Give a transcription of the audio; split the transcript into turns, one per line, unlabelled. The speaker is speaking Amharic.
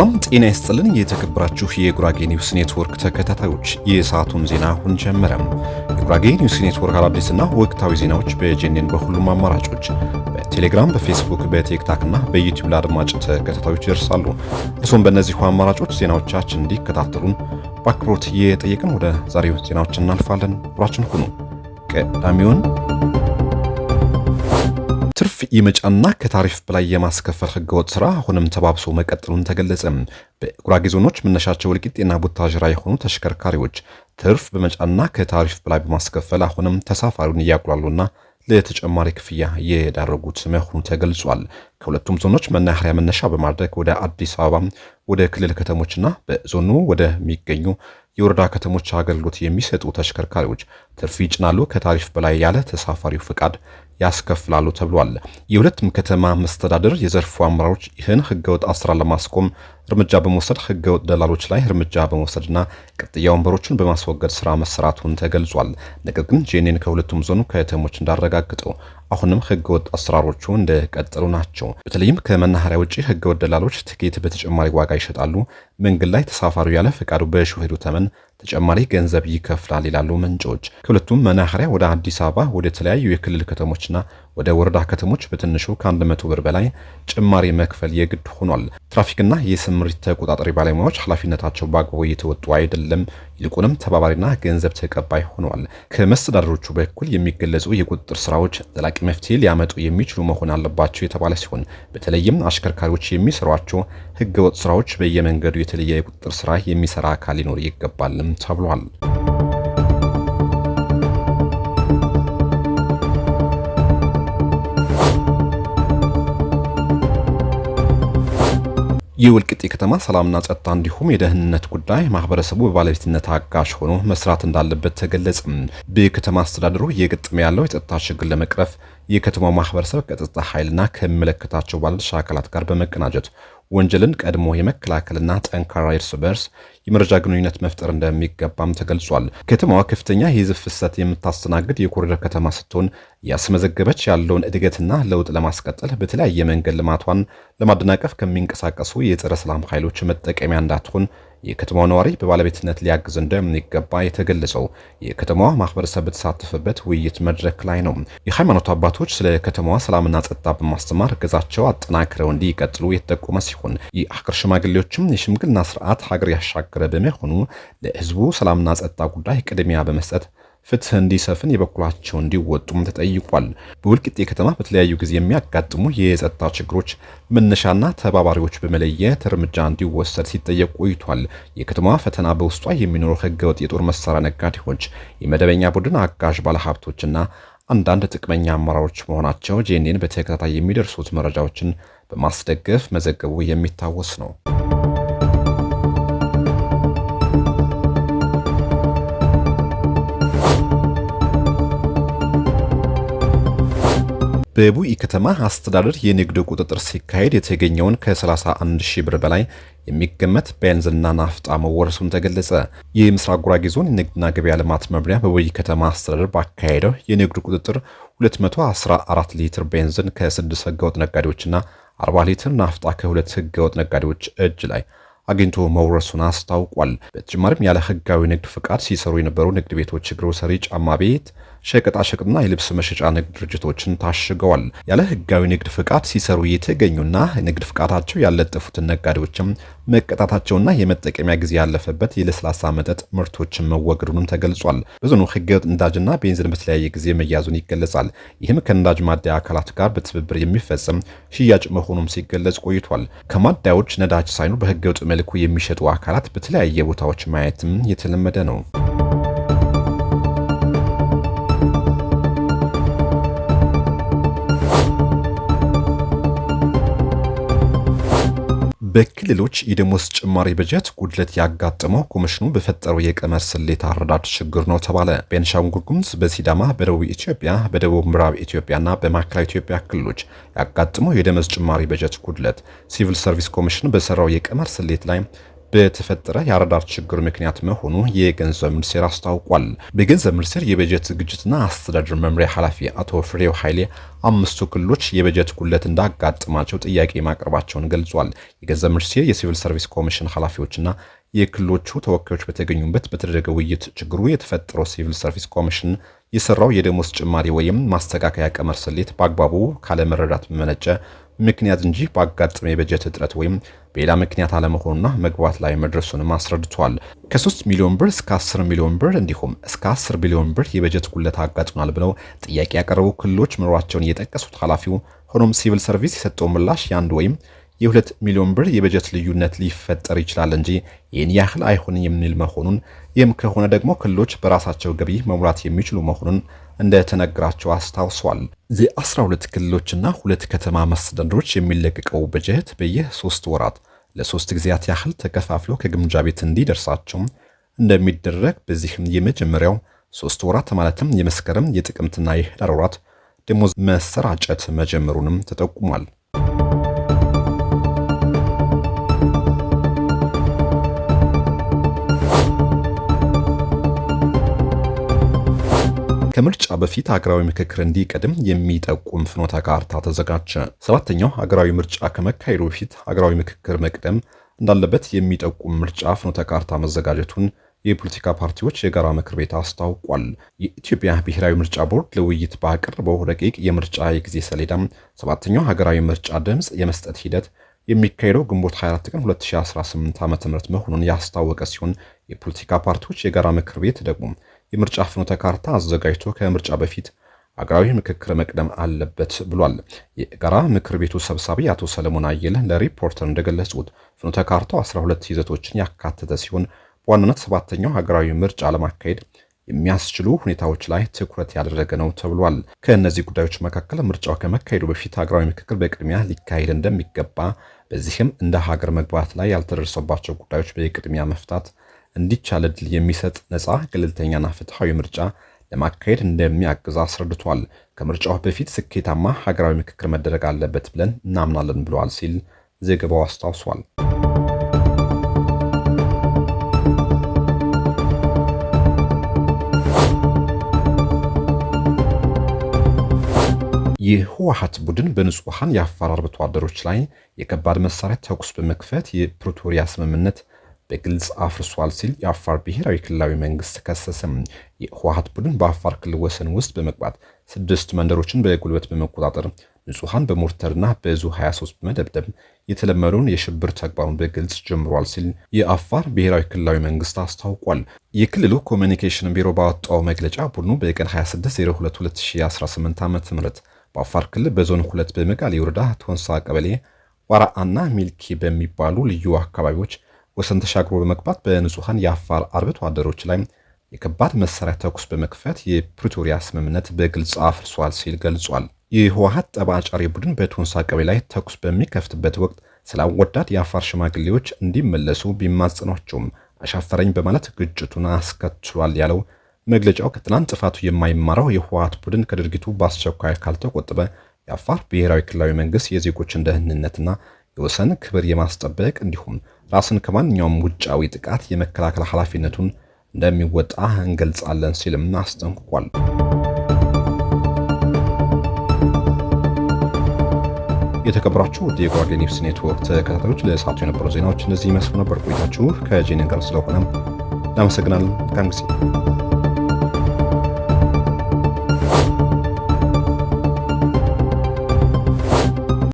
ሰላም ጤና ይስጥልን። የተከበራችሁ የጉራጌ ኒውስ ኔትወርክ ተከታታዮች የሰዓቱን ዜና አሁን ጀመረም። የጉራጌ ኒውስ ኔትወርክ አዳዲስና ወቅታዊ ዜናዎች በጄኔን በሁሉም አማራጮች በቴሌግራም፣ በፌስቡክ፣ በቲክታክ እና በዩቲዩብ ለአድማጭ ተከታታዮች ይደርሳሉ። እርስዎም በእነዚሁ አማራጮች ዜናዎቻችን እንዲከታተሉን በአክብሮት እየጠየቅን ወደ ዛሬው ዜናዎች እናልፋለን። አብራችን ሁኑ። ቀዳሚውን የመጫንና ከታሪፍ በላይ የማስከፈል ህገወጥ ስራ አሁንም ተባብሶ መቀጠሉን ተገለጸ። በጉራጌ ዞኖች መነሻቸው ወልቂጤና ቡታጅራ የሆኑ ተሽከርካሪዎች ትርፍ በመጫንና ከታሪፍ በላይ በማስከፈል አሁንም ተሳፋሪውን እያቁላሉና ለተጨማሪ ክፍያ የዳረጉት መሆኑ ተገልጿል። ከሁለቱም ዞኖች መናኸሪያ መነሻ በማድረግ ወደ አዲስ አበባ ወደ ክልል ከተሞችና በዞኑ ወደሚገኙ የወረዳ ከተሞች አገልግሎት የሚሰጡ ተሽከርካሪዎች ትርፍ ይጭናሉ፣ ከታሪፍ በላይ ያለ ተሳፋሪው ፍቃድ ያስከፍላሉ ተብሏል። የሁለቱም ከተማ መስተዳደር የዘርፉ አመራሮች ይህን ህገወጥ አስራ ለማስቆም እርምጃ በመውሰድ ህገወጥ ደላሎች ላይ እርምጃ በመውሰድና ቅጥያ ወንበሮችን በማስወገድ ስራ መሰራቱን ተገልጿል። ነገር ግን ጄኔን ከሁለቱም ዞኑ ከተሞች እንዳረጋግጠው አሁንም ህገወጥ አሰራሮቹ እንደቀጠሉ ናቸው። በተለይም ከመናኸሪያ ውጭ ህገወጥ ደላሎች ትኬት በተጨማሪ ዋጋ ይሸጣሉ። መንገድ ላይ ተሳፋሪው ያለ ፈቃዱ በሹፌሩ ተመን ተጨማሪ ገንዘብ ይከፍላል ይላሉ ምንጮች። ከሁለቱም መናኸሪያ ወደ አዲስ አበባ፣ ወደ ተለያዩ የክልል ከተሞችና ወደ ወረዳ ከተሞች በትንሹ ከ100 ብር በላይ ጭማሪ መክፈል የግድ ሆኗል። ትራፊክና የስምሪት ተቆጣጣሪ ባለሙያዎች ኃላፊነታቸው በአግባቡ እየተወጡ አይደለም፣ ይልቁንም ተባባሪና ገንዘብ ተቀባይ ሆነዋል። ከመስተዳደሮቹ በኩል የሚገለጹ የቁጥጥር ስራዎች ዘላቂ መፍትሄ ሊያመጡ የሚችሉ መሆን አለባቸው የተባለ ሲሆን በተለይም አሽከርካሪዎች የሚሰሯቸው ህገወጥ ስራዎች በየመንገዱ የተለየ የቁጥጥር ስራ የሚሰራ አካል ሊኖር ይገባልም ተብሏል። የወልቂጤ ከተማ ሰላምና ጸጥታ እንዲሁም የደህንነት ጉዳይ ማህበረሰቡ በባለቤትነት አጋሽ ሆኖ መስራት እንዳለበት ተገለጸ። በከተማ አስተዳደሩ እየገጠመ ያለው የጸጥታ ችግር ለመቅረፍ የከተማው ማህበረሰብ ከጸጥታ ኃይልና ከሚመለከታቸው ባለድርሻ አካላት ጋር በመቀናጀት ወንጀልን ቀድሞ የመከላከልና ጠንካራ እርስ በርስ የመረጃ ግንኙነት መፍጠር እንደሚገባም ተገልጿል። ከተማዋ ከፍተኛ የህዝብ ፍሰት የምታስተናግድ የኮሪደር ከተማ ስትሆን ያስመዘገበች ያለውን እድገትና ለውጥ ለማስቀጠል በተለያየ መንገድ ልማቷን ለማደናቀፍ ከሚንቀሳቀሱ የጸረ ሰላም ኃይሎች መጠቀሚያ እንዳትሆን የከተማው ነዋሪ በባለቤትነት ሊያግዝ እንደሚገባ የተገለጸው የከተማዋ ማህበረሰብ በተሳተፈበት ውይይት መድረክ ላይ ነው። የሃይማኖት አባቶች ስለ ከተማዋ ሰላምና ጸጥታ በማስተማር ገዛቸው አጠናክረው እንዲቀጥሉ የተጠቆመ ሲሆን የአገር ሽማግሌዎችም የሽምግልና ስርዓት ሀገር ያሻገረ በመሆኑ ለህዝቡ ሰላምና ጸጥታ ጉዳይ ቅድሚያ በመስጠት ፍትህ እንዲሰፍን የበኩላቸው እንዲወጡም ተጠይቋል። በወልቂጤ ከተማ በተለያዩ ጊዜ የሚያጋጥሙ የጸጥታ ችግሮች መነሻና ተባባሪዎች በመለየት እርምጃ እንዲወሰድ ሲጠየቅ ቆይቷል። የከተማ ፈተና በውስጧ የሚኖሩ ህገወጥ የጦር መሳሪያ ነጋዴዎች፣ የመደበኛ ቡድን አጋዥ ባለሀብቶችና አንዳንድ ጥቅመኛ አመራሮች መሆናቸው ጄኔን በተከታታይ የሚደርሱት መረጃዎችን በማስደገፍ መዘገቡ የሚታወስ ነው። በቡኢ ከተማ አስተዳደር የንግድ ቁጥጥር ሲካሄድ የተገኘውን ከ31 ሺህ ብር በላይ የሚገመት ቤንዝና ናፍጣ መወረሱን ተገለጸ። የምስራቅ ጉራጌ ዞን የንግድና ገበያ ልማት መምሪያ በቡኢ ከተማ አስተዳደር ባካሄደው የንግድ ቁጥጥር 214 ሊትር ቤንዝን ከ6 ህገወጥ ነጋዴዎችና 40 ሊትር ናፍጣ ከሁለት ህገወጥ ነጋዴዎች እጅ ላይ አግኝቶ መውረሱን አስታውቋል። በተጨማሪም ያለ ህጋዊ ንግድ ፍቃድ ሲሰሩ የነበሩ ንግድ ቤቶች፣ ግሮሰሪ፣ ጫማ ቤት ሸቀጣሸቅጥና የልብስ መሸጫ ንግድ ድርጅቶችን ታሽገዋል። ያለ ህጋዊ ንግድ ፍቃድ ሲሰሩ የተገኙና ንግድ ፍቃዳቸው ያለጠፉትን ነጋዴዎችም መቀጣታቸውና የመጠቀሚያ ጊዜ ያለፈበት የለስላሳ መጠጥ ምርቶችን መወገዱንም ተገልጿል። ብዙኑ ህገወጥ ነዳጅና ቤንዚን በተለያየ ጊዜ መያዙን ይገለጻል። ይህም ከነዳጅ ማደያ አካላት ጋር በትብብር የሚፈጸም ሽያጭ መሆኑም ሲገለጽ ቆይቷል። ከማደያዎች ነዳጅ ሳይኑ በህገወጥ መልኩ የሚሸጡ አካላት በተለያየ ቦታዎች ማየትም የተለመደ ነው። በክልሎች የደሞዝ ጭማሪ በጀት ጉድለት ያጋጠመው ኮሚሽኑ በፈጠረው የቀመር ስሌት አረዳድ ችግር ነው ተባለ። ቤንሻንጉል ጉሙዝ፣ በሲዳማ፣ በደቡብ ኢትዮጵያ፣ በደቡብ ምዕራብ ኢትዮጵያና በማዕከላዊ ኢትዮጵያ ክልሎች ያጋጠመው የደሞዝ ጭማሪ በጀት ጉድለት ሲቪል ሰርቪስ ኮሚሽን በሰራው የቀመር ስሌት ላይ በተፈጠረ የአረዳር ችግር ምክንያት መሆኑ የገንዘብ ሚኒስቴር አስታውቋል። በገንዘብ ሚኒስቴር የበጀት ዝግጅትና አስተዳደር መምሪያ ኃላፊ አቶ ፍሬው ኃይሌ አምስቱ ክልሎች የበጀት ጉድለት እንዳጋጥማቸው ጥያቄ ማቅረባቸውን ገልጿል። የገንዘብ ሚኒስቴር የሲቪል ሰርቪስ ኮሚሽን ኃላፊዎችና የክልሎቹ ተወካዮች በተገኙበት በተደረገ ውይይት ችግሩ የተፈጠረው ሲቪል ሰርቪስ ኮሚሽን የሰራው የደሞዝ ጭማሪ ወይም ማስተካከያ ቀመር ስሌት በአግባቡ ካለመረዳት መመነጨ ምክንያት እንጂ ባጋጠመ የበጀት እጥረት ወይም በሌላ ምክንያት አለመሆኑና መግባት ላይ መድረሱንም አስረድቷል። ከ3 ሚሊዮን ብር እስከ 10 ሚሊዮን ብር እንዲሁም እስከ 10 ቢሊዮን ብር የበጀት ጉለት አጋጥሟል ብለው ጥያቄ ያቀረቡ ክልሎች መኖራቸውን የጠቀሱት ኃላፊው ሆኖም ሲቪል ሰርቪስ የሰጠው ምላሽ የአንድ ወይም የ2 ሚሊዮን ብር የበጀት ልዩነት ሊፈጠር ይችላል እንጂ ይህን ያህል አይሆን የሚል መሆኑን ይህም ከሆነ ደግሞ ክልሎች በራሳቸው ገቢ መሙላት የሚችሉ መሆኑን እንደተነግራቸው አስታውሷል። የ12 ክልሎችና ሁለት ከተማ መስተዳድሮች የሚለቀቀው በጀት በየ3 ወራት ለሶስት ጊዜያት ያህል ተከፋፍሎ ከግምጃ ቤት እንዲደርሳቸው እንደሚደረግ በዚህም የመጀመሪያው ሶስት ወራት ማለትም የመስከረም የጥቅምትና የህዳር ወራት ደሞዝ መሰራጨት መጀመሩንም ተጠቁሟል። ከምርጫ በፊት ሀገራዊ ምክክር እንዲቀድም የሚጠቁም ፍኖተ ካርታ ተዘጋጀ። ሰባተኛው ሀገራዊ ምርጫ ከመካሄዱ በፊት ሀገራዊ ምክክር መቅደም እንዳለበት የሚጠቁም ምርጫ ፍኖተ ካርታ መዘጋጀቱን የፖለቲካ ፓርቲዎች የጋራ ምክር ቤት አስታውቋል። የኢትዮጵያ ብሔራዊ ምርጫ ቦርድ ለውይይት ባቀረበው ረቂቅ የምርጫ የጊዜ ሰሌዳም ሰባተኛው ሀገራዊ ምርጫ ድምፅ የመስጠት ሂደት የሚካሄደው ግንቦት 24 ቀን 2018 ዓ.ም መሆኑን ያስታወቀ ሲሆን የፖለቲካ ፓርቲዎች የጋራ ምክር ቤት ደግሞ የምርጫ ፍኖተ ካርታ አዘጋጅቶ ከምርጫ በፊት አገራዊ ምክክር መቅደም አለበት ብሏል። የጋራ ምክር ቤቱ ሰብሳቢ አቶ ሰለሞን አየለ ለሪፖርተር እንደገለጹት ፍኖተ ካርታው 12 ይዘቶችን ያካተተ ሲሆን በዋናነት ሰባተኛው ሀገራዊ ምርጫ ለማካሄድ የሚያስችሉ ሁኔታዎች ላይ ትኩረት ያደረገ ነው ተብሏል። ከእነዚህ ጉዳዮች መካከል ምርጫው ከመካሄዱ በፊት ሀገራዊ ምክክር በቅድሚያ ሊካሄድ እንደሚገባ፣ በዚህም እንደ ሀገር መግባት ላይ ያልተደረሰባቸው ጉዳዮች በቅድሚያ መፍታት እንዲቻል የሚሰጥ ነፃ ገለልተኛና ፍትሐዊ ምርጫ ለማካሄድ እንደሚያግዝ አስረድቷል። ከምርጫው በፊት ስኬታማ ሀገራዊ ምክክር መደረግ አለበት ብለን እናምናለን ብለዋል ሲል ዘገባው አስታውሷል። የህወሓት ቡድን በንጹሐን የአፋር አርብቶ አደሮች ላይ የከባድ መሳሪያ ተኩስ በመክፈት የፕሪቶሪያ ስምምነት በግልጽ አፍርሷል ሲል የአፋር ብሔራዊ ክልላዊ መንግስት ተከሰሰም። የህወሀት ቡድን በአፋር ክልል ወሰን ውስጥ በመግባት ስድስት መንደሮችን በጉልበት በመቆጣጠር ንጹሐን በሞርተርና በዙ 23 በመደብደብ የተለመደውን የሽብር ተግባሩን በግልጽ ጀምሯል ሲል የአፋር ብሔራዊ ክልላዊ መንግስት አስታውቋል። የክልሉ ኮሚኒኬሽን ቢሮ ባወጣው መግለጫ ቡድኑ በቀን 26/02/2018 በአፋር ክልል በዞን 2 በመጋሌ ወረዳ ቶንሳ ቀበሌ ዋራአና ሚልኪ በሚባሉ ልዩ አካባቢዎች ወሰን ተሻግሮ በመግባት በንጹሐን የአፋር አርብቶ አደሮች ላይ የከባድ መሳሪያ ተኩስ በመክፈት የፕሪቶሪያ ስምምነት በግልጽ አፍርሷል ሲል ገልጿል። የህወሀት ጠባጫሪ ቡድን በቶንሳ ቀበሌ ላይ ተኩስ በሚከፍትበት ወቅት ሰላም ወዳድ የአፋር ሽማግሌዎች እንዲመለሱ ቢማጽኗቸውም አሻፈረኝ በማለት ግጭቱን አስከትሏል ያለው መግለጫው ከትናንት ጥፋቱ የማይማረው የህወሀት ቡድን ከድርጊቱ በአስቸኳይ ካልተቆጠበ የአፋር ብሔራዊ ክልላዊ መንግስት የዜጎችን ደህንነትና የወሰን ክብር የማስጠበቅ እንዲሁም ራስን ከማንኛውም ውጫዊ ጥቃት የመከላከል ኃላፊነቱን እንደሚወጣ እንገልጻለን ሲልም አስጠንቅቋል። የተከበራችሁ የጓጌ ኒውስ ኔትወርክ ተከታታዮች ለሰዓቱ የነበሩ ዜናዎች እነዚህ ይመስሉ ነበር። ቆይታችሁ ከጄኔን ጋር ስለሆነም እናመሰግናለን። መልካም ጊዜ